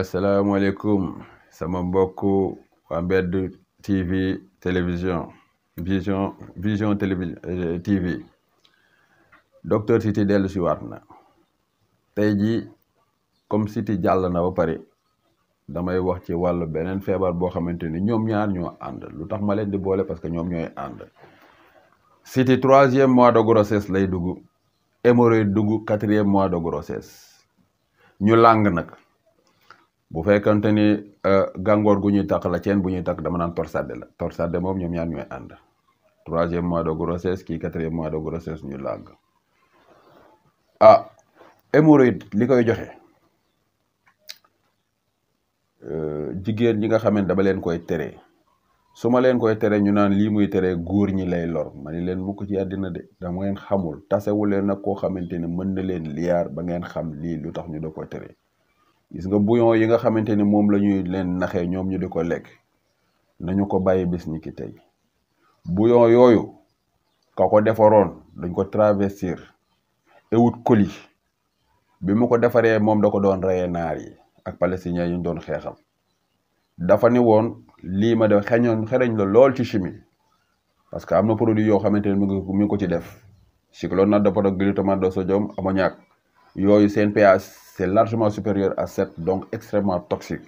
asalaamualeykum sama mbokku waa mbedd tv télévision vision vision télévi eh, tv docteur Siti dellu si na tey jii comme Siti jàll na ba pare damay wax ci wàllu beneen feebar boo xamante ni ñoom ñaar ñoo ànd lu tax ma leen di boole parce que ñoom ñooy ànd Siti troisième mois de grossesse lay dugg hémorroïde dugg quatrième mois de grossesse ñu làng nag bu fekkante ni euh, gàngoor gu ñuy takk la ceen bu ñuy takk dama naan torsade la torsade moom ñoom ñaar ñooy ànd troisième mois de grossesse kii quatrième mois de grossesse ñu làgg ah hémorroïde li koy joxe euh, jigéen ñi nga xam ne dama leen koy tere su ma leen koy tere ñu naan lii muy tere góor ñi lay lor ma ni leen mukk ci àddina de dama ngeen xamul tasewu leen nag koo xamante ne mën na leen liyaar ba ngeen xam lii lu tax ñu da koy tere gis nga buyon yi nga xamante ni moom la ñuy leen naxee ñoom ñu di ko lekk nañu ko bàyyi bis niki ki buyon bouillon yooyu ka ko defaroon dañ ko travestir ewut koli bi mu ko defaree moom da ko doon reyee naar yi ak palestiniens yi ñu doon xeexal dafa ni woon lii ma def xeñoon xereñ la lool ci chimie parce que am na produit yoo xamante ni mi ngi ko ci def cyclonate de protoxyde glutamate de sodium ammoniac yooyu seen pH c' est largement supérieur à sept donc extrêmement toxique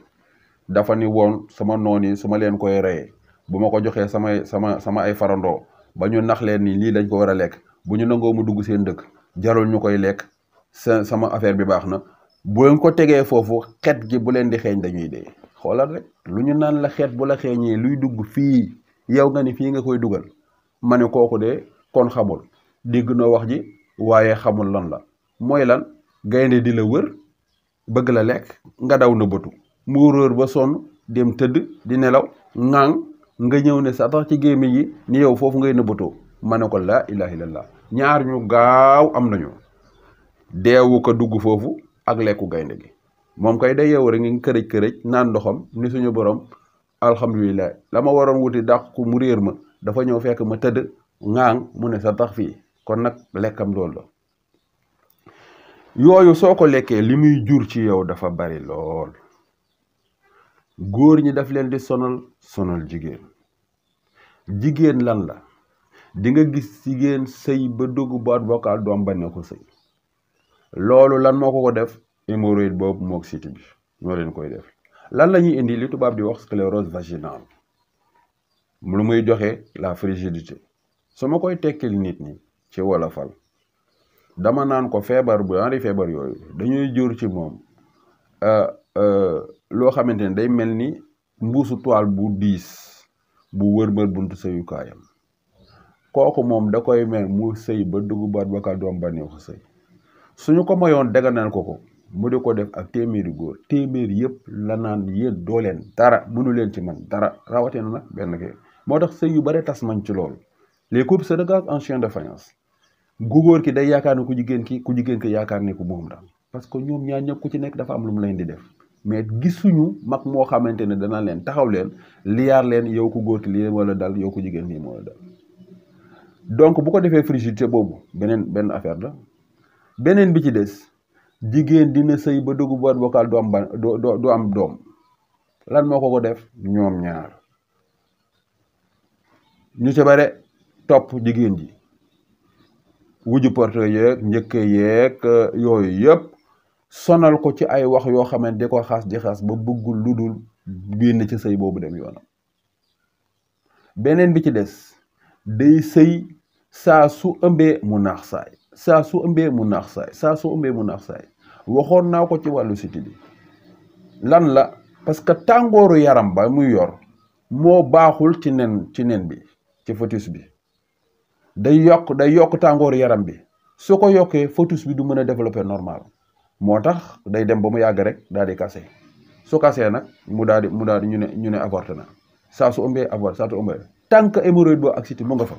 dafa ni woon sama noon yi su ma leen koy reyee bu ma ko joxee samay sama sama ay farandoo ba ñu nax leen ni lii dañ ko war a lekk bu ñu nangoo mu dugg seen dëkk jarul ñu koy lekk sama affaire bi baax na bu leen ko tegee foofu xeet gi bu leen di xeeñ dañuy de xoolal rek lu ñu naan la xeet bu la xeeñee luy dugg fii yow nga ni fii nga koy dugal ma ne kooku de kon xamul dégg na wax ji waaye xamul lan la mooy lan gaynde di la wër bëgg la lekk nga daw na bëtu mu ba sonn dem tëdd di nelaw ŋaang nga ñëw ne sa tax ci gémmiñ gi ni yow foofu ngay nëbbatoo ma ne ko laa ilaha illallah ñaar ñu gaaw am nañu deewu ko dugg foofu ak lekku gaynde gi moom kay day yeewu rek ngi kërëj kërëj naan ndoxam ni suñu borom alhamdulilah la ma waroon wuti daq ko mu réer ma dafa ñëw fekk ma tëdd ŋaang mu ne sa tax fii kon nag lekkam loolu la yooyu soo ko lekkee li muy jur ci yow dafa bari lool góor ñi daf leen di sonal sonal jigéen jigéen lan la di nga gis jigéen sëy ba dugg boîte vocale doom ba ne ko loolu lan moo ko ko def hémorroïde boobu mook siti bi ñoo leen koy def lan lañu indi li tubaab di wax sclérose vaginale lu muy joxe la frigidité su ma koy tekkil nit ñi ci wolofal dama naan ko feebar bu ñaari feebar yooyu dañuy jur ci moom euh, euh, loo xamante ne day mel ni mbuusu toile bu diis bu wër wërmal buntu sëyukaayam kooku moom da koy mel mu sëy ba dugg baat ba ka doom ba neexu sëy suñu ko mayoon daganal ko ko mu di ko def ak téeméeri góor téeméeri yëpp la naan yéen doo leen dara mënu leen ci man dara rawatina nag benn kii moo tax sëy yu bare tas nañ ci lool les couples se regardent en chien de faïence gu góor ki day yaakaar ne ku jigéen ki ku jigéen ki yaakaar ne ku moom la parce que ñoom ñaar ñëpp ku ci nekk dafa am lu mu leen di def mais gisuñu mag moo xamante ne dana leen taxaw leen liyaar leen yow ku góor ki lii wala dal yow ku jigéen lii moo la dal donc bu ko defee frigidité boobu beneen benn affaire la beneen bi ci des jigéen dina sëy ba dugg boîte vocale du am ban du am doom lan moo ko ko def ñoom ñaar ñu ci bare topp jigéen ji wujju porte yeeg njëkk yeeg euh, yooyu yëpp sonal ko ci ay wax yoo xamante di ko xas di xas ba bëggul lu dul génn ci sëy boobu dem yoonam beneen bi ci des day sëy saa su ëmbee mu naax saay saa su ëmbee mu naax saay saa su ëmbee mu naax saay waxoon naa ko ci wàllu siti bi lan la parce que tàngooru yaram ba muy yor moo baaxul ci nen ci nen bi ci fœtus bi day yokk day yokk tàngooru yaram bi su ko yokkee fœtus bi du mën a développer normal moo tax day dem ba mu yàgg rek daal di kase su kasee nag mu daal di mu daal di ñu ne ñu ne avorté na saa su ëmbee avorté saa su tant que hémorroïde boo accident mu nga fa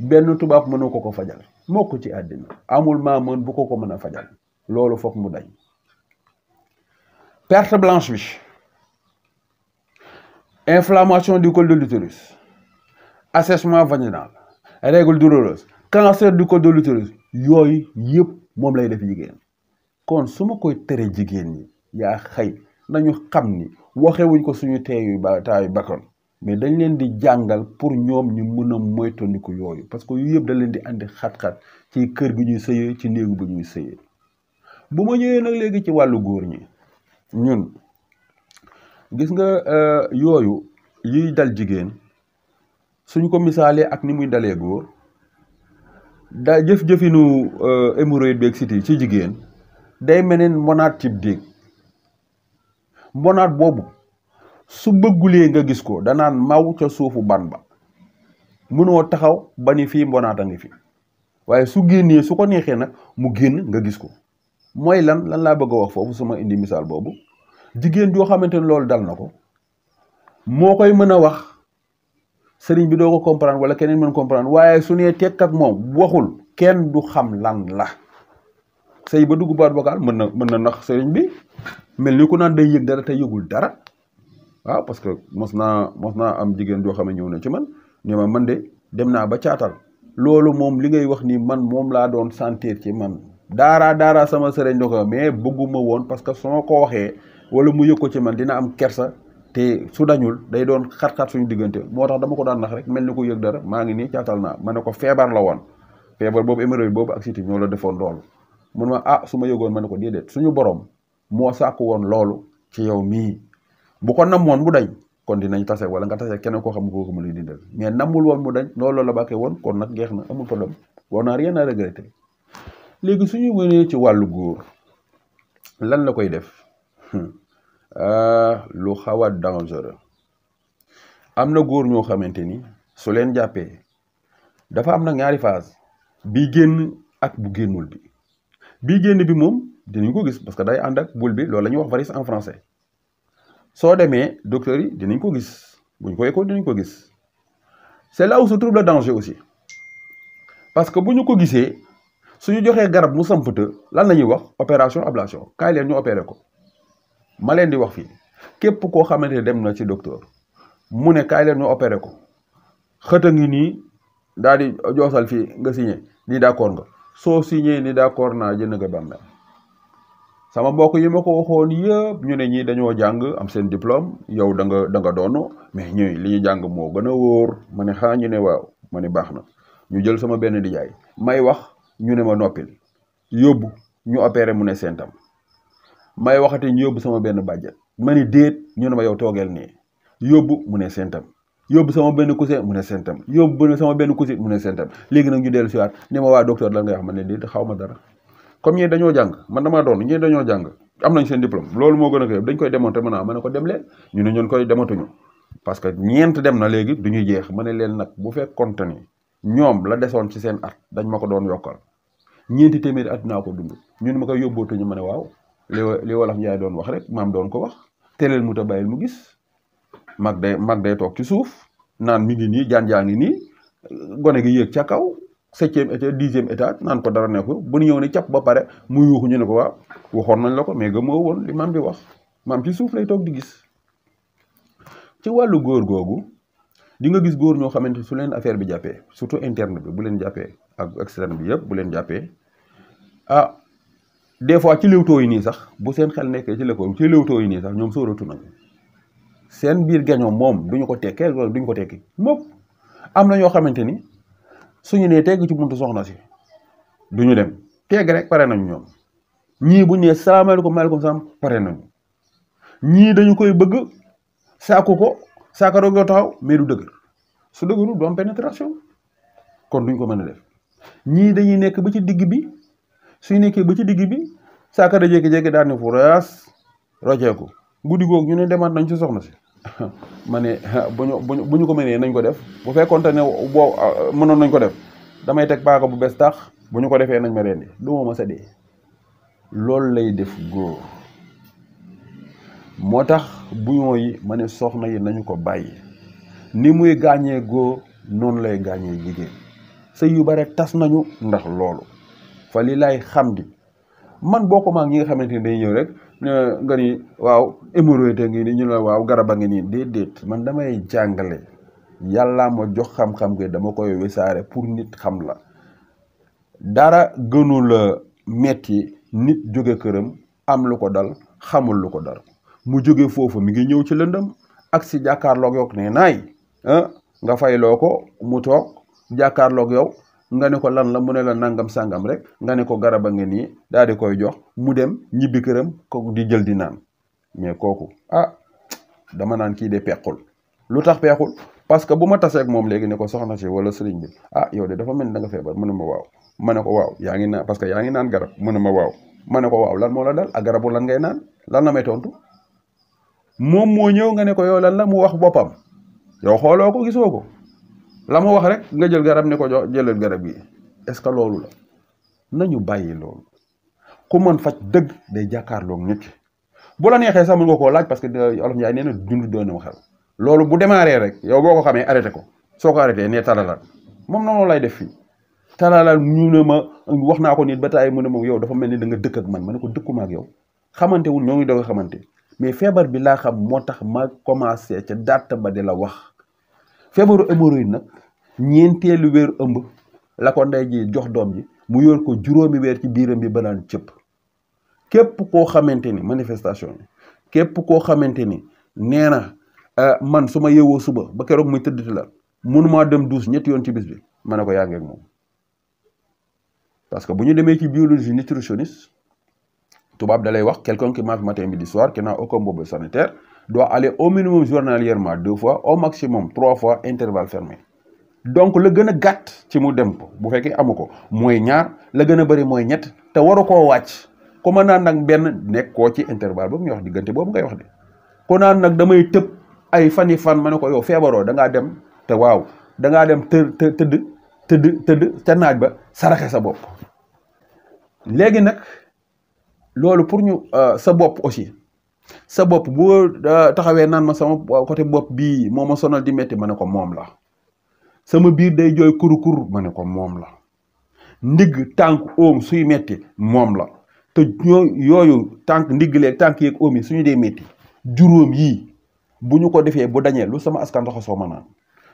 benn tubaab mën mënu ko ko fajal moo ci àddina amul maa mën bu ko ko mën a fajal loolu foog mu dañ perte blanche bi inflammation du de de l'utérus assèchement naa règle douloureuse cancer du col de l'utérus yooyu yëpp moom lay def jigéen kon su ma koy tere jigéen ñi yaa xëy nañu xam ni waxewuñ ko suñu teeyu ba taayu bakkan mais dañ leen di jàngal pour ñoom ñu mën moytandiku yooyu parce que yu yëpp dañ leen di andi xat-xat ci kër gi ñuy sëyee ci néegu bi ñuy sëyee bu ma ñëwee nag léegi ci wàllu góor ñi ñun gis nga euh, yooyu yuy dal jigéen suñ ko missaalee ak ni muy dalee góor da jëf-jëfinu euh, hémorroïde beeg siti ci jigéen day meneen mbonaat cib déeg mbonaat boobu su bëggulee nga gis ko danaan maw ca suufu ban ba mënoo taxaw ba ni fii mbonaat a ngi fi waaye su génnee su ko neexee nag mu génn nga gis ko mooy lan lan laa bëgg a wax foofu su indi missaal boobu jigéen joo xamante ne loolu dal na ko moo koy mën a wax sëriñ bi doogo ko comprendre wala keneen mën comprendre waaye su nee tekk moom waxul kenn du xam lan la sëy ba dugg baat vocal mën na mën na nax sëriñ bi mel ni ku naan day yëg dara te yëgul dara waaw parce que mos naa mos naa am jigéen joo xam ne ñëw na ci man ne ma man de dem naa ba caatal loolu moom li ngay wax ni man moom laa doon sentir ci man daaraa daaraa sama sëriñ do ko mais bëgguma woon parce que soo ma ko waxee wala mu yëg ko ci man dina am kersa te su dañul day doon xat-xat suñu diggante moo tax dama ko daan nax rek mel ni ko yëg dara maa ngi nii caatal naa ma ne ko feebar la woon feebar boobu hémorroïde boobu ak siti ñoo la defoon loolu mun ma ah su ma yëgoon ma ne ko déedéet suñu borom moo sàkk woon loolu ci yow mii bu ko namoon mu dañ kon dinañ tase wala nga tase keneen koo xam ko mu lay dindal mais namul woon mu dañ loolu la woon kon nag geex na amul problème war naa rien à regretter léegi suñu mënee ci wàllu góor lan la koy def hmm. Euh, lu xaw a dangereux am na góor ñoo xamante ni su leen jàppee dafa am na ñaari phase bii génn ak bu génnul bi bii génn bi moom dinañ ko gis parce que day ànd ak boule bi loolu la wax varice en français soo demee docteur yi dinañ ko gis buñ ko écho dinañ ko gis c'est là où se trouve le aussi parce que bu ñu ko gisee su ñu joxee garab mu sampte lan la ñuy wax opération ablation kaay leen ñu opéré ko ma leen di wax fii képp koo xamante ne dem na ci docteur mu ne kaay leen ñu opéré ko xët ngi nii daal di joosal fii nga signé nii d'accord nga soo signé ni d'accord naa jënd nga bàmmeel sama mbokk yi ma ko waxoon yëpp ñu ne ñii dañoo jàng am seen diplôme yow da nga da nga doon mais ñuy li jàng moo gën a wóor ma ne xaa ñu ne waaw ma ne baax na ñu jël sama benn di jaay may wax ñu ne ma noppil yóbbu ñu opéré mu ne seen may waxati ñu yóbbu sama benn bàjjan ma ni déet ñu ne ma yow toogeel nii yóbbu mu ne sentam yóbbu sama benn cousin mu ne sentam yóbbu sama benn cousin mu ne sentam léegi nag ñu dellu siwaat ne ma waa docteur lan nga wax ma ne déet xaw ma dara comme ñee dañoo jàng man damaa doon ñee dañoo jàng am nañ seen diplôme loolu moo gën a koy koy démonté mën naa ma ko dem ñu ne ñun koy dematuñu parce que ñeent dem na léegi du ñuy jeex ma ne leen nag bu fekkoonte ni ñoom la desoon ci seen at dañ ma ko doon yokkal ñeenti téeméeri at naa ko dund ñun ma koy yóbbootuñu ma ne waaw li li wolof Njaay doon wax rek maam doon ko wax teleel mu ta bàyyil mu gis mag day mag day toog ci suuf naan mi ngi nii jaan jaa ngi nii gone gi yéeg ca kaw septième étage dixième état naan ko dara nekkul bu ñu ñëw ne capp ba pare mu yuuxu ñu ne ko waaw waxoon nañ la ko mais gëmoo woon li maam di wax maam ci suuf lay toog di gis. ci wàllu góor googu di nga gis góor ñoo xamante su leen affaire bi jàppee surtout interne bi bu leen jàppee ak externe bi yëpp bu leen jàppee ah, des fois ci léwtoo yi nii sax bu seen xel nekkee ci lëkkoom ci léwtoo yi nii sax ñoom sóoratu nañu seen biir gañoo moom duñu ko tekkee loolu duñu ko tekki moom am na ñoo xamante ni suñu nee tegg ci buntu soxna si duñu dem tegg rek pare nañu ñoom ñii bu ñu nee salaamaaleykum maaleykum salaam pare nañu ñii dañu koy bëgg saaku ko saaka roogoo taxaw mais du dëgër su dëgëru du am pénétration kon duñ ko mën a def ñii dañuy nekk ba ci digg bi suy nekkee ba ci digg bi saakara jékki-jékki daal ne furaas roceeku guddi googu ñu ne demaat nañ ci soxna si ma ne bu ñu ko mënee nañ ko def bu fekkonte ne boo mënoon nañ ko def damay teg paaka bu bees tax bu ñu ko defee nañ ma rendi du ma ma séddee loolu lay def góor moo tax buñoo yi ma soxna yi nañu ko bàyyi ni muy gaañee góor noonu lay gaañee jigéen sëy yu bare tas nañu ndax loolu fa li laay xam di man boo ko maag ñi nga xamante ni day ñëw rek nga ni waaw hémorroïde ngi ni ñu la waaw garab a ngi nii déedéet man damay jàngale yàllaa ma jox xam-xam gi dama koy saare pour nit xam la dara gënul metti nit jóge këram am lu ko dal xamul lu ko dal mu jóge foofu mu ngi ñëw ci lëndëm ak si jàkkaarloog yow ne naay ah, nga fay loo ko mu toog jàkkaarloog yow nga ne ko lan la mu ne la nangam sangam rek nga ne ko garaba nga nii daal di koy jox mu dem ñibbi këram ko di jël di naan mais kooku a ah, dama naan kii de pequl lu tax peexul parce que bu ma taseeg moom léegi ne ko soxna si wala sëriñ bi ah yow de dafa mel da nga feebar mu ne ma waaw ma ne ko waaw yaa ngi naan parce que yaa ngi naan garab mu ne ma waaw ma ne ko waaw lan moo la dal ak lan ngay naan lan na may tontu moom moo ñëw nga ne ko yow lan la mu wax boppam yoo xooloo ko gisoo ko la ma wax rek nga jël garab ni ko jox jëlal garab yi est-ce que loolu la nañu bàyyi loolu ku mën faj dëgg day jàkkaarloog nit ki bu la neexee sax mën nga koo laaj parce que olof Njaay nee na dund doon na xel loolu bu démarré rek yow boo ko xamee arrêté ko soo ko arrêté nee talalal moom noonu lay def fii talalal ñu ma wax naa ko nit ba taay mu ne moom yow dafa mel ni da nga dëkk ak man ne ko dëkkuma ak yow xamante wul ñoo ngi doog a xamante mais feebar bi laa xam moo tax ma commencé ca date ba di la wax feebaru hémorroïde nag ñeenteelu wéeru ëmb la ko ndey ji jox doom ji mu yor ko juróomi weer ci biiram bi banaan cëpp képp koo xamante ni manifestation bi képp koo xamante ni nee na ah, man su ma yeewoo suba ba keroog muy tëdd tëddati la mënumaa dem douche ñetti yoon ci bis bi ma ne ko yaa ngeeg moom parce que bu ñu demee ci biologie nutritionniste tubaab da lay wax quelqu'un qui mange matin midi soir qui n'a aucun bobo sanitaire doit aller au minimum journalièrement deux fois au maximum trois fois intervalle fermé donc la gën a gàtt ci mu dem ko bu fekkee amu ko mooy ñaar la gën a bëri mooy ñett te waru koo wàcc ku ma naan nag benn nekk koo ci intervalle boobu ñuy wax diggante boobu ngay wax de ku naan nag damay tëb ay fani fan ma ne ko yow feebaroo da dem te waaw da dem të tëdd tëdd tëdd ca naaj ba saraxe sa bopp léegi nag loolu pour ñu euh, sa bopp aussi sa bopp boo euh, taxawee naan ma sama côté bopp bii moom ma sonal di metti ma ne ko moom la sama biir day jooy kur-kur ma ne ko moom la ndigg tànk oom suy metti moom la te ñoo yooyu tànk ndigg leeg tànk yeeg oom yi suñu dee métti juróom yii bu ñu ko defee bu dañee lu sama askan raxasoo ma naan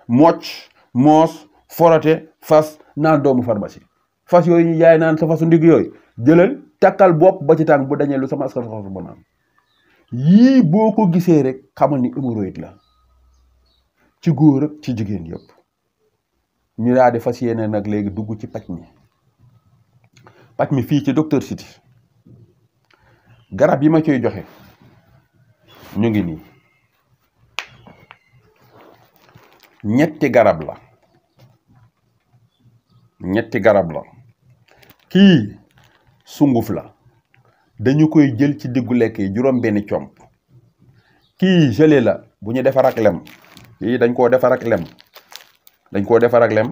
mocc moos naan doomu pharmacie fas yooyu ñu jaay naan sa fasu ndigg yooyu jëlal takkal bopp ba ci bu dañee lu sama askan raxasoo ma naan yii boo ko gisee rek xamal ni hémorroïde la ci góor ak ci jigéen yëpp ñu daal di yeneen yéene nag léegi dugg ci paj mi paj mi fii ci docteur Sidi garab yi ma ciy joxe ñu ngi nii ñetti garab la ñetti garab la kii sunguf la dañu koy jël ci diggu lekk yi juróom benn comp kii gelée la bu ñu defar ak lem kii dañ koo defar ak lem dañ koo defar ak lem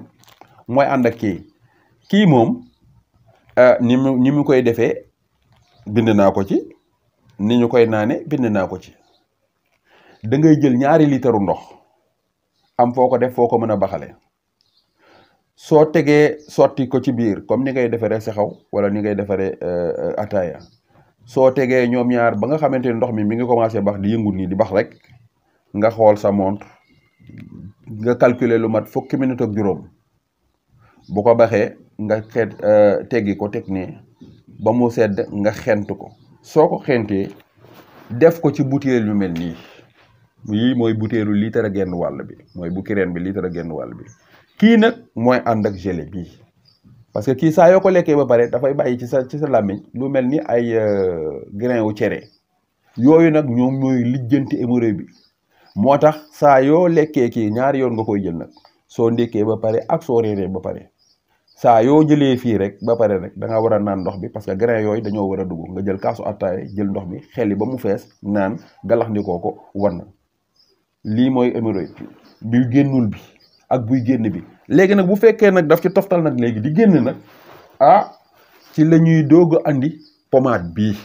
mooy ànd ak kii kii moom ah, ni mu ni koy defee bind naa ko ci ni ñu koy naane bind naa ko ci da ngay jël ñaari liitaru ndox am foo ko def foo ko mën a baxale soo tegee sotti ko ci biir comme ni ngay defaree sexew wala ni ngay defaree eh, eh, ataaya soo tegee ñoom ñaar ba nga xamante ni ndox mi mi ngi commencé bax di yëngu nii di bax rek nga xool sa montre nga calculer lu mat fukki minute ak juróom bu ko baxee nga xeet euh, teggi ko teg ne ba mu sedd nga xent ko soo ko xentee def ko ci butéel bi mel nii yii mooy butéelu litre a genn wàll bi mooy bu kireen bi litre a genn wàll bi kii nag mooy ànd ak gelée bii parce que kii saa yoo ko lekkee ba pare dafay bàyyi ci sa ci sa làmmiñ lu mel ni ay euh, grain wu cere yooyu nag ñoom ñooy lijjanti hémorroïde bi moo tax saa yoo lekkee kii ñaari yoon nga koy jël nag soo ndékkee ba pare ak soo reeree ba pare saa yoo jëlee fii rek ba pare rek da nga war a naan ndox bi parce que grain yooyu dañoo war a dugg nga jël kaasu attaaya jël ndox bi xelli ba mu fees naan galax ndikoo ko war na lii mooy hémorroïde bi génnul bi ak buy génn bi léegi nag bu fekkee nag daf ci toftal nag léegi di génn nag ah ci la ñuy doog a andi pommade bi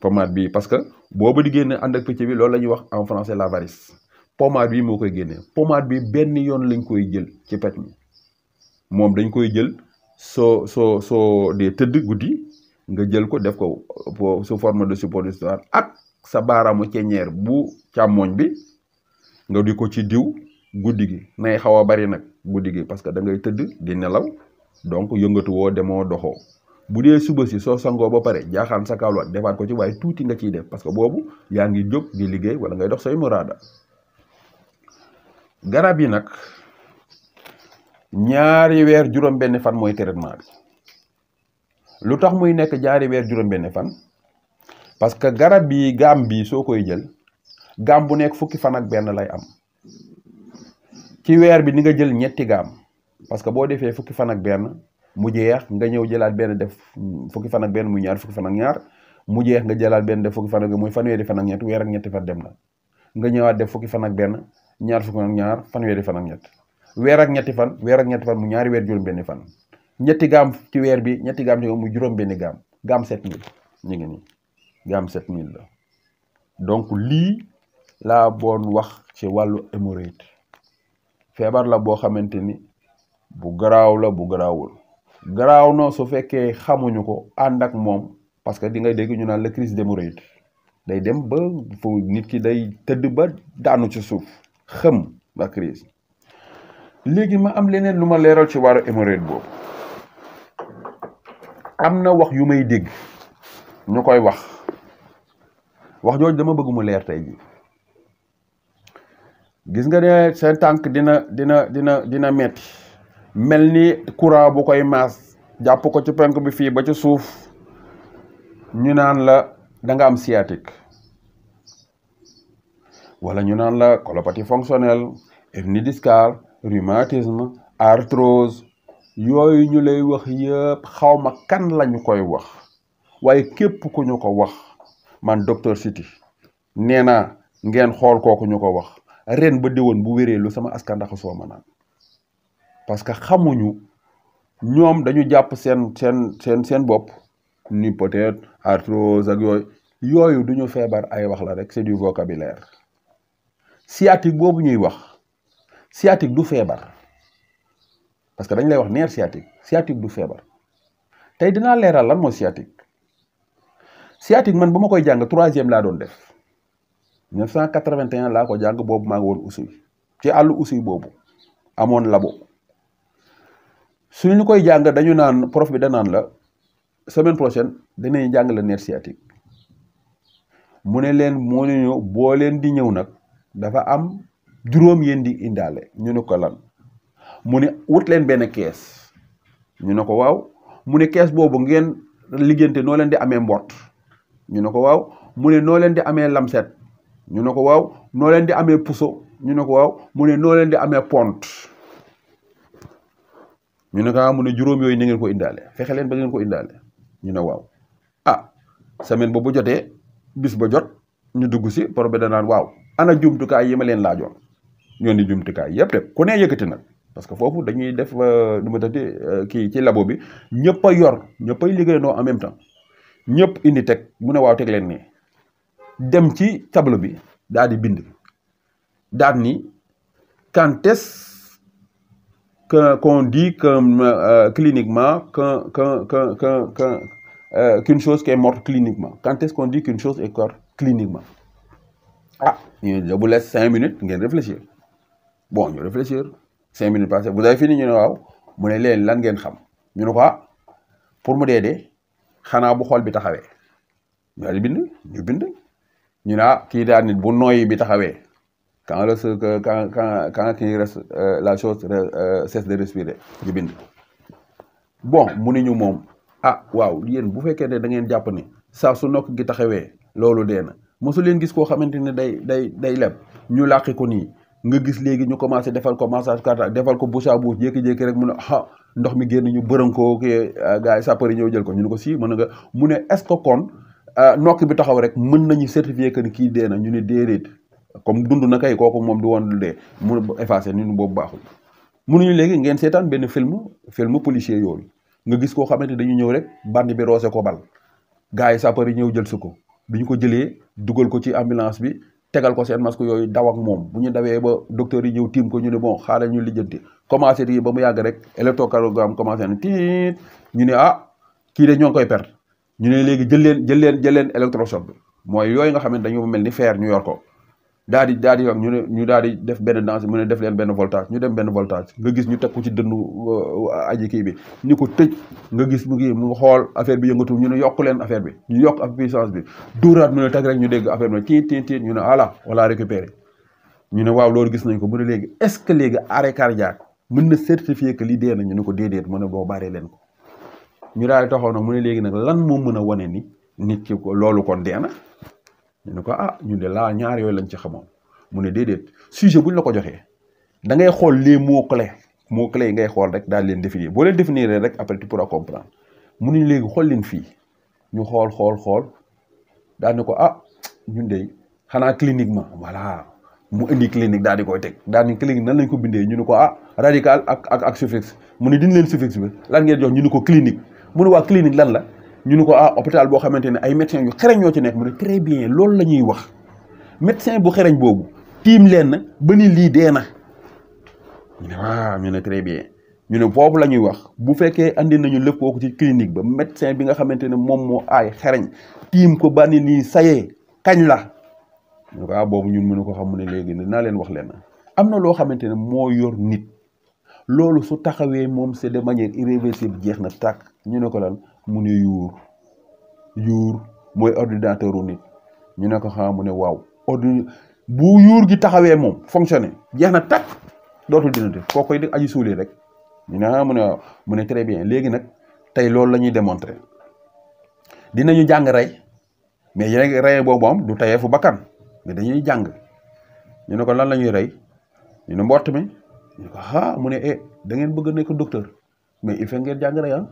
pommade bii parce que boobu di génne ànd ak picc bi loolu la ñuy wax en français la varice pommade bii moo koy génnee pommade bi benn yoon lañ koy jël ci pet mi moom dañ koy jël soo soo soo dee tëdd guddi nga jël ko def ko euh, sous forme de suppositoire ak sa baaraamu ceñeer bu càmmoñ bi nga di ko ci diw guddi gi nay xaw a bari nag guddi gi parce que da ngay tëdd di nelaw donc yëngatu woo demoo doxoo bu dee suba si soo sangoo ba pare jaaxaan sa kaalwaat defaat ko ci waaye tuuti nga ciy def parce que boobu yaa ngi jóg gi liggéey wala ngay dox say muraada garab yi nag ñaari weer juróom-benn fan mooy traitement bi lu tax muy nekk ñaari weer juróom-benn fan parce que garab bi gaam bii soo koy jël gaam bu nekk fukki fan ak benn lay am. ci weer bi ni nga jël ñetti gaam parce que boo defee fukki fan ak benn mu jeex nga ñëw jëlaat benn def fukki fan benn muy ñaar fukki fan ak ñaar mu jeex nga jëlaat benn def fukki fan ak muy fanweeri fan ak ñett weer ak ñetti fan dem nga ñëwaat def fukki fan ak benn ñaar fukki fan ak ñaar fanweeri ñett weer ak ñetti fan weer ak ñetti fan mu ñaari weer juróom-benni fan ñetti gaam ci weer bi ñetti gaam ci mu juróom-benni gaam gaam 7000 ñu ngi nii gaam 7000 la donc lii laa boon wax ci wàllu hémorroïde feebar la boo xamante ni bu garaaw la bu garaawul garaaw na su fekkee xamuñu ko ànd ak moom parce que di nga dégg ñu naan la crise d'hémorroïde day dem ba fu nit ki day tëdd ba daanu ci suuf xëm ba crise léegi ma am leneen lu ma leeral ci wàllu hémorroïde boobu am na wax yu may dégg ñu koy wax wax jooju dama bëgg mu leer tey ji gis nga ne seen tànk dina dina dina dina metti mel ni courant bu koy maas jàpp ko ci penk bi fii ba ci suuf ñu naan la da nga am sciatique wala ñu naan la colopathie fonctionnelle hernie discale rhumatisme arthrose yooyu ñu lay wax yëpp xawma kan lañu koy wax waaye képp ku ñu ko wax man docteur Siti nee naa ngeen xool kooku ñu ko wax ren ba déwoon bu wéree lu sama askan ndax soo ma naan parce que xamuñu ñoom dañu jàpp seen seen seen seen bopp ni peut-être ak yooyu yooyu duñu feebar ay wax la rek c'est du vocabulaire sciatique boobu ñuy wax sciatique du feebar parce que dañ lay wax nerf sciatique sciatique du feebar tey dinaa leeral lan mooy sciatique sciatique man ba ma koy jàng troisième laa doon def 1981 laa ko jàng boobu maa ngi woon usuy ci àllu usuy boobu amoon labo suñu koy jàng dañu naan prof bi naan la semaine prochaine dinañ jàng la nerf sciatique mu ne leen moo ñu boo leen di ñëw nag dafa am juróom yéen di indaale ñu ne ko lan mu ne wut leen benn kees ñu ne ko waaw mu ne kees boobu ngeen liggéente noo leen di amee mbott ñu ne ko waaw mu ne noo leen di amee lamset ñu ne ko waaw noo leen di amee puso ñu ne ko waaw mu ne noo leen di amee pont ñu ne ko ah, mu ne juróom yooyu na ngeen ko indaale fexe leen ba ngeen ko indaale ñu ne waaw ah semaine boobu jotee bis ba jot ñu dugg si problème da naan waaw ana jumtukaay yi ma leen laajoon ñoo ni jumtukaay yëpp te ku ne yëkkati nag parce que foofu dañuy def euh, nu ma tati euh, kii ci labo bi ñëpp a yor ñëpp ay liggéeyandoo en même temps ñëpp indi teg mu ne waaw teg leen nii dem ci tableau bi daal di bind daal ni quand est-ce que qu'on dit que euh, cliniquement qu'un qu'un qu'un qu'un qu'un euh, qu'une chose qui est morte cliniquement quand est-ce qu'on dit qu'une chose est morte cliniquement ah je vous laisse cinq minutes ngeen réfléchir bon ñu réfléchir cinq minutes passées vous avez fini ñu ne waaw mu ne leen lan ngeen xam ñu ne ko ah pour mu dee dee xanaa bu xool bi taxawee ñu daal bind ñu bind ñu ne ah kii daal nit bu noyyi bi taxawee quand le quand quand quand kii reste euh, la chose euh, cesse de respirer ñu bind. bon mu ni ñu moom ah waaw yéen bu fekkee ne da ngeen jàpp ni saa su nokk gi taxawee loolu dee na mosu leen gis koo xamante ne day day day leb ñu làqi ko nii nga gis léegi ñu commencé defal ko massage cardiaque defal ko bouche à bouche jékki rek mu ne ah ndox mi génn ñu bërën koo kii euh, gars yi sapeur yi ñëw jël ko ñu ne ko si mën nga mu ne est Euh, nokk bi taxaw rek mën nañu certifier que ni kii dee na ñu ne déedéet comme dund na kay kooku moom du woon lu dee mu effacé ni nu boobu baaxul mënuñu léegi ngeen seetaan benn film film policier yooyu nga gis koo xamante dañu ñëw rek bandi bi roose ko bal gars yi sapeur yi ñëw jël si ko bi ñu ko jëlee dugal ko ci ambulance bi tegal ko seen masque yooyu daw ak moom bu ñu dawee ba docteur yi ñëw tiim ko ñu ne bon xaaral ñu lijjanti commencé yi ba mu yàgg rek électrocardiogramme commencé na tiit ñu ne ah kii de ñoo ngi koy perte ñu ne léegi jël leen jël leen jël leen électrochoc bi mooy yooyu nga xam ne dañu mel ni fer ñu yor ko daal di daal di ñu ne ñu daal di def benn danse mu ne def leen benn voltage ñu dem benn voltage nga gis ñu teg ko ci dëndu euh, aji kii bi ñu ko tëj nga gis mu ngi mu xool affaire bi ñu ne yokk leen affaire bi ñu yokk a puissance bi duuraat mu ne teg rek ñu dégg affaire bi tiit tiit ñu ne ala wala récupéré ñu ne waaw loolu gis nañ ko mu ne léegi est-ce que léegi arrêt cardiaque mën na certifier que li dee na ñu ne ko déedéet mu ne boo baree leen ñu daal di taxaw mu ne léegi nag lan moom mën a wane ni nit ki ko loolu kon dee na ñu ne ko ah ñu de laa ñaar yooyu lañ ci xamoon mu ne déedéet sujet buñ la ko joxee da ngay xool les mots clés yi ngay xool rek daal leen définir boo leen définir rek après tu pourras comprendre mu ne léegi xool leen fii ñu xool xool xool daal ne ko ah ñun de xanaa cliniquement voilà mu indi clinique daal di koy teg daal ni clinique nan lañ ko bindee ñu ne ko ah radical ak ak ak suffixe mu ne din leen suffixe bi lan ngeen jox ñu ne ko clinique. mu ne waa clinique lan la ñu ne ko ah hôpital boo xamante ne ay médecins yu xereñ ñoo ci nekk mu ne très bien loolu la ñuy wax médecin bu xereñ boobu tiim leen na ba ni lii dee na ñu ne waaw ñu ne très bien ñu ne boobu la ñuy wax bu fekkee andi nañu lépp kooku ci clinique ba médecin bi nga xamante ne moom moo ay xereñ tiim ko ba ni lii sayee kañ la ñu ne ko ah boobu ñun mënu ko xam mu ne léegi naa leen wax leen am na loo xamante ne moo yor nit loolu su taxawee moom c'est de manière irréversible jeex na tàkk ñu ne ko lan mu ne yuur yuur mooy ordinateur u ñu ne ko xamaa mu waaw ordi bu yuur gi taxawee moom fonctionné jeex na takk dootul dina def koo koy aji suulee rek ñu ne ah mu ne très bien léegi nag tey loolu la ñuy démontrer dinañu jàng rey mais yéen rey boobu du tayee fu bakkan mais dañuy jàng ñu ne ko lan la ñuy rey ñu ne mbott mi ñu ne ko ah mu ne eh da ngeen bëgg nekk docteur mais il faut ngeen jàng rey ah.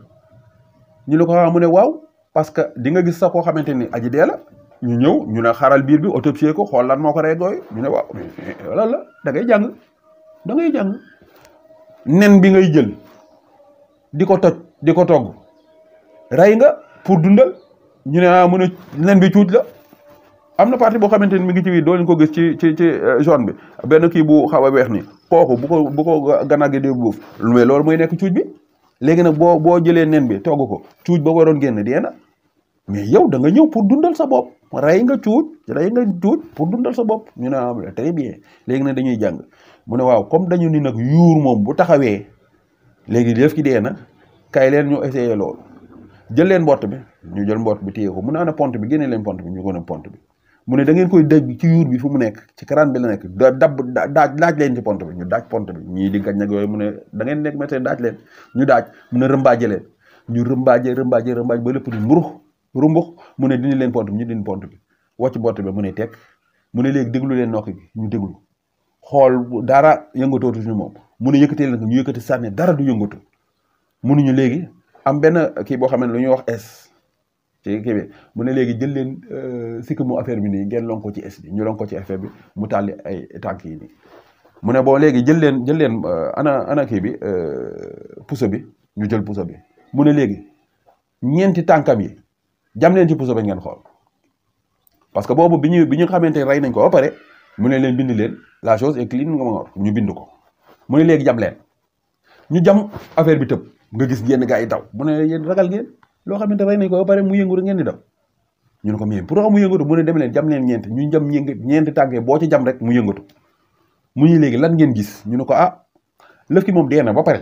ñu ne ko waaw mu ne waaw parce que di nga gis sax koo xamante ni aji dee ñu ñëw ñu ne xaral biir bi autopsie ko xool lan moo ko rey gooy ñu ne waaw lan la da ngay jàng da ngay jàng nen bi ngay jël di ko toj di ko togg rey nga pour dundal ñu ne ah mu ne nen bi cuuj la am na parti boo xamante ni mi ngi ci biir doo leen ko gis ci ci ci euh, zone bi benn kii bu xaw a weex ni kooku bu ko bu ko ganaar gi di buuf mais loolu mooy nekk cuuj bi léegi nag boo boo jëlee nen bi togg ko cuuj ba waroon génn dee na mais yow da nga ñëw pour dundal sa bopp rey nga cuuj rey nga cuuj pour dundal sa bopp ñu ne ah très bien léegi nag dañuy jàng mu ne waaw comme dañu ni nag yuur moom bu taxawee léegi def ki dee na kay leen ñu essayé loolu jël leen mbott bi ñu jël mbott bi téye ko mu ne ana pont bi génne leen pont bi ñu ko ne pont bi. mu ne da ngeen koy dëj ci yuur bi fu mu nekk ci karaan bi la nekk da daaj daaj leen ci pont bi ñu daaj pont bi ñii dingañ nag yooyu mu ne da ngeen nekk météo daaj leen ñu daaj mu ne rëmbaaje leen ñu rëmbaaje rëmbaaje rëmbaaj ba lépp di murux rumbux mu ne dindi leen pont bi ñu dindi pont bi wàcc bott bi mu ne tekk mu ne léegi déglu leen nokk bi ñu déglu xool dara yëngatootu ñu moom mu ne yëkkatee leen ko ñu yëkkati sànni dara du yëngatu ñu léegi am benn kii boo xam ne lu ñuy wax es ci kii bi mu ne léegi jël leen euh, sikkimu affaire bi nii ngeen lon ci es bi ñu lon ko ci affaire bi mu tàlli ay tànk yi nii mu ne bon léegi jël leen jël leen euh, ana ana kii bi euh, puso bi ñu jël puso bi mu ne léegi ñeenti tànkam yi jam leen ci puso bi ngeen xool parce que boobu bi ñu bi ñu xamante rey nañ ko ba pare mu ne leen bind leen la chose est clean nga ñu bind ko mu ne léegi jam leen ñu jam affaire bi tëb nga gis yenn gars yi daw mu ne ragal ngeen loo xam xamante rey nañ ko ba pare mu yëngu rek ngeen di daw ñu ne ko mais pourquoi mu yëngatu mu ne dem leen jam leen ñeent ñu jam ñeenti tànk boo ci jam rek mu yëngatu mu ni léegi lan ngeen gis ñu ne ko ah lëf ki moom dee na ba pare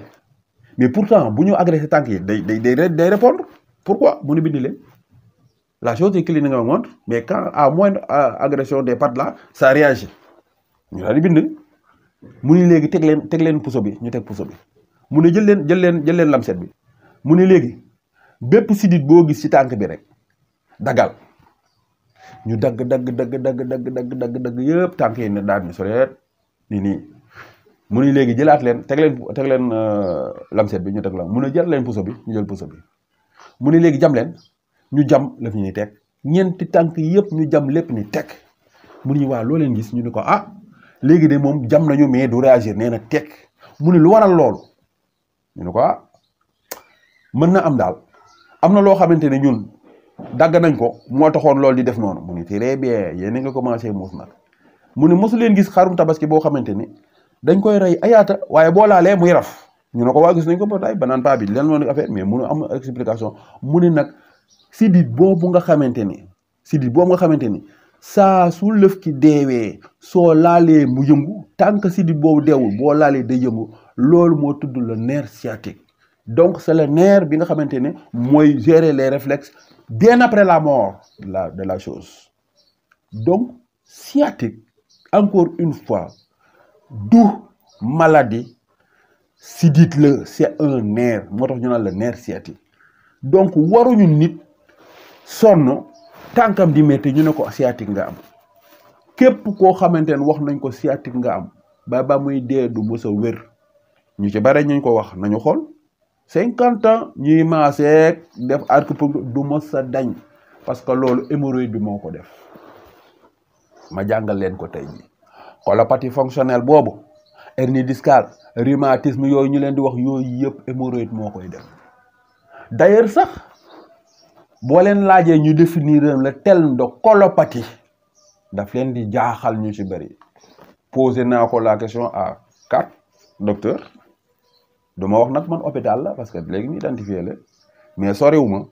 mais pourtant bu ñu agressé tànk yi day day day day répondre pourquoi mu ne bindi leen la chose est clinique nga montre mais quand à moins agression des pattes la ça réagit ñu daal di bind mu ni léegi teg leen teg leen puso bi ñu teg puso bi mun ne jël leen jël leen jël leen lamset bi mu ne léegi bépp sidit boo gis ci tànk bi rek daggal ñu dagg dagg dagg dagg dagg dagg dagg dagg yëpp tànk yi ne daal ni soreet nii nii mu ni léegi jëlaat leen tegleen leen teg leen euh, lamset bi ñu teg la mu jël leen puso bi ñu jël puso bi mu ni léegi jam leen ñu jam laf ñu ni teg ñeenti tànk yëpp ñu jam lépp ni teg mu ñu waa loo leen gis ñu ni ko ah léegi de moom jam nañu mais du réagir nee na teg mu ni lu waral lool ñu ni ko ah mën na am daal am na loo xamante ne ñun dagg nañ ko moo taxoon loolu di def noonu mu ni très bien yéen nga commencé muus nag mu ne mosu leen gis xarum tabaski boo xamante ni dañ koy rey ayaata waaye boo laalee muy raf ñu ne ko waa gis nañ ko bataay banaan paa bi leen loon affaire mais am explication mu ne nag sidit boobu nga xamante ni sidit boobu nga xamante ni saa su lëf ki deewee soo laalee mu yëngu tant que boobu deewul boo laalee day yëngu loolu moo tudd le nerf sciatique donc c'est le nerf bi nga xamante ne mooy gérer les réflexes benn après la mort de la de la chose donc sciatique encore une fois du maladie sidit la c'est un nerf moo tax ñu naan la nair sciatique donc waruñu nit sonn tànkam di métti ñu ne ko sciatique nga am képp koo xamante ne wax nañ ko sciatique nga am ba ba muy dee du mës a ñu ci bare ñu ko wax nañu xool. cinquante ans ñuy maaseek def acupuncture du ma dañ parce que loolu hémorroïde bi moo ko def ma jàngal leen ko tey jii colopathie fonctionnelle boobu hernie discale rhumatisme yooyu ñu leen di wax yooyu yëpp hémorroïde moo koy def d'ailleurs sax boo leen laajee ñu définir le terme de colopathie daf leen di jaaxal ñu ci bari posé na ko la question à quatre docteurs du wax nag man hôpital la parce que léegi ñu identifié la mais ma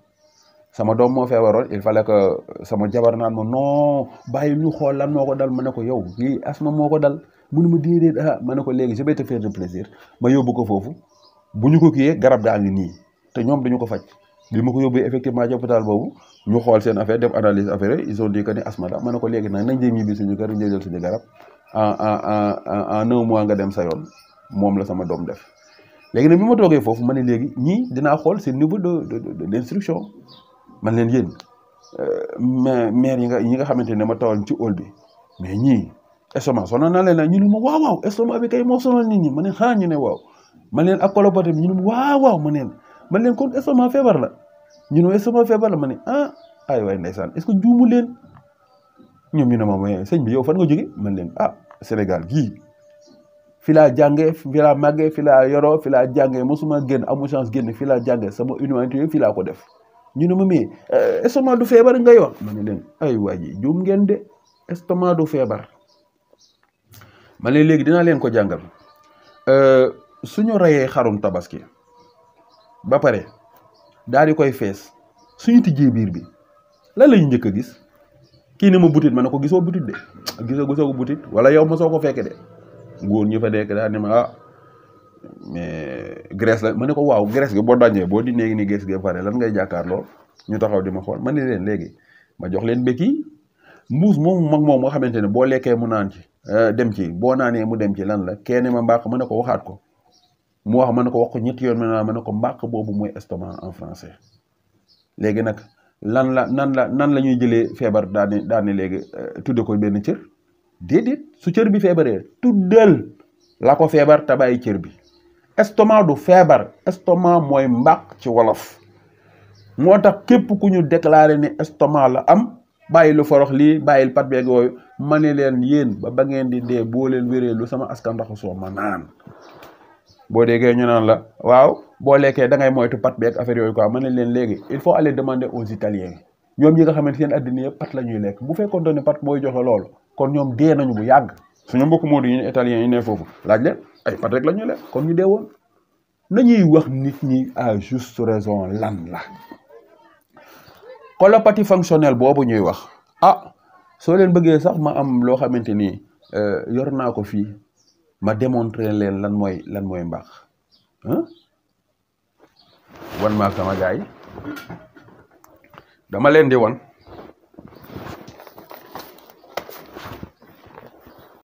sama doom moo feebaroon il fallait que sama jabar naan ma non bàyyi ñu xool lan moo ko dal ma ne ko yow lii asma moo ko dal mënu ma déedéet ah ma ne ko léegi je vais te faire de plaisir ma yóbbu ko foofu bu ñu ko kiyee garab gaa ngi nii te ñoom dañu ko faj bi ma ko yóbbee effectivement ci hôpital boobu ñu xool seen affaire def analyse affaire ils ont dit que ni asma la ma ne ko léegi na nañ dem ñibbi suñu kër ñu garab en en en en un nga dem sa yoon moom la sama doom def. léegi nag bi ma toogee foofu ma ne léegi ñii dinaa xool seen niveau de de d' instruction man leen yéen euh, mais maire yi nga ñi nga xamante ne ma tawal ci hall bi mais ñii estoma sonal naa leen ñu ne ma waaw waaw estoma bi kay moo sonal nit ñi ma ne xaa ah, ñu ne waaw man leen ak colopathie bi ñu ne ma waaw waaw man neen man leen kon estoma feebar la ñu ne estoma feebar la ma ne ah ay waay ndeysaan est ce que juumu leen ñoom ñu ne ma sëñ bi yow fan nga jóge man leen ah Sénégal gii fi jànge jàngee fi laa màggee fi laa yoroo fi laa jàngee mosuma génn amu chance génn fi laa jàngee sama université yëpp fi ko def ñu ne ma mais euh, estomac du feebar ngay yor ma ne leen ay waa ji ngeen de estomac du feebar ma léegi dinaa leen ko jàngal euh, suñu reyee xarum tabaski ba pare daal di koy fees suñu tijjee biir bi lan lay ñu njëkk gis kii ne ma butit ma ne ko gisoo butit de gisoo gisoo ko butit wala yow mosoo soo ko fekke de góor ñu fa nekk daal ne ma ah mais Grèce la ma ne ko waaw Grèce gi boo dajee boo di néegi ni Grèce pare lan ngay jàkkaarloo ñu di ma xool ma ne leen léegi ma jox leen békki mbuus moomu mag moom nga xamante ne boo lekkee mu naan ci eh, dem ci boo naanee mu dem ci lan la kenn ma mbàq ma ne ko waxaat ko mu wax ma ne ko wax ko ñetti yoon ma ne ko mbàq boobu mooy estomac en français léegi nag lan la nan la nan la ñuy jëlee feebar daal daane léegi eh, tudde ko benn cër déedéet su cër bi feebaree tuddal la ko feebar te bàyyi cër bi estomac du feebar estomac mooy mbàq ci wolof moo tax képp ku ñu déclaré ni estomac la am bàyyi lu forox lii bàyyil pat beeg yooyu ma ne leen yéen ba ba ngeen di dee boo leen wéree lu sama askan ndaxu soo ma naan boo déggee ñu naan la waaw boo lekkee da ngay moytu pat beeg affaire yooyu quoi ma ne leen léegi il faut aller demander aux italiens ñoom ñi nga xamante seen addina yëpp pat la ñuy lekk bu fekkoon ne pat mooy joxe loolu kon ñoom dee nañu bu yàgg suñu mbokk moo di ñu italien yi ne foofu laaj leen ay pat lañu la ñu leen kon ñu dee woon nañuy wax nit ñi à juste raison lan la colopathie fonctionnelle boobu ñuy wax ah soo leen bëggee sax ma am loo xamante ni euh, yor naa ko fii ma démontrer leen lan mooy lan mooy mbaax wan maa sama gars dama leen di wan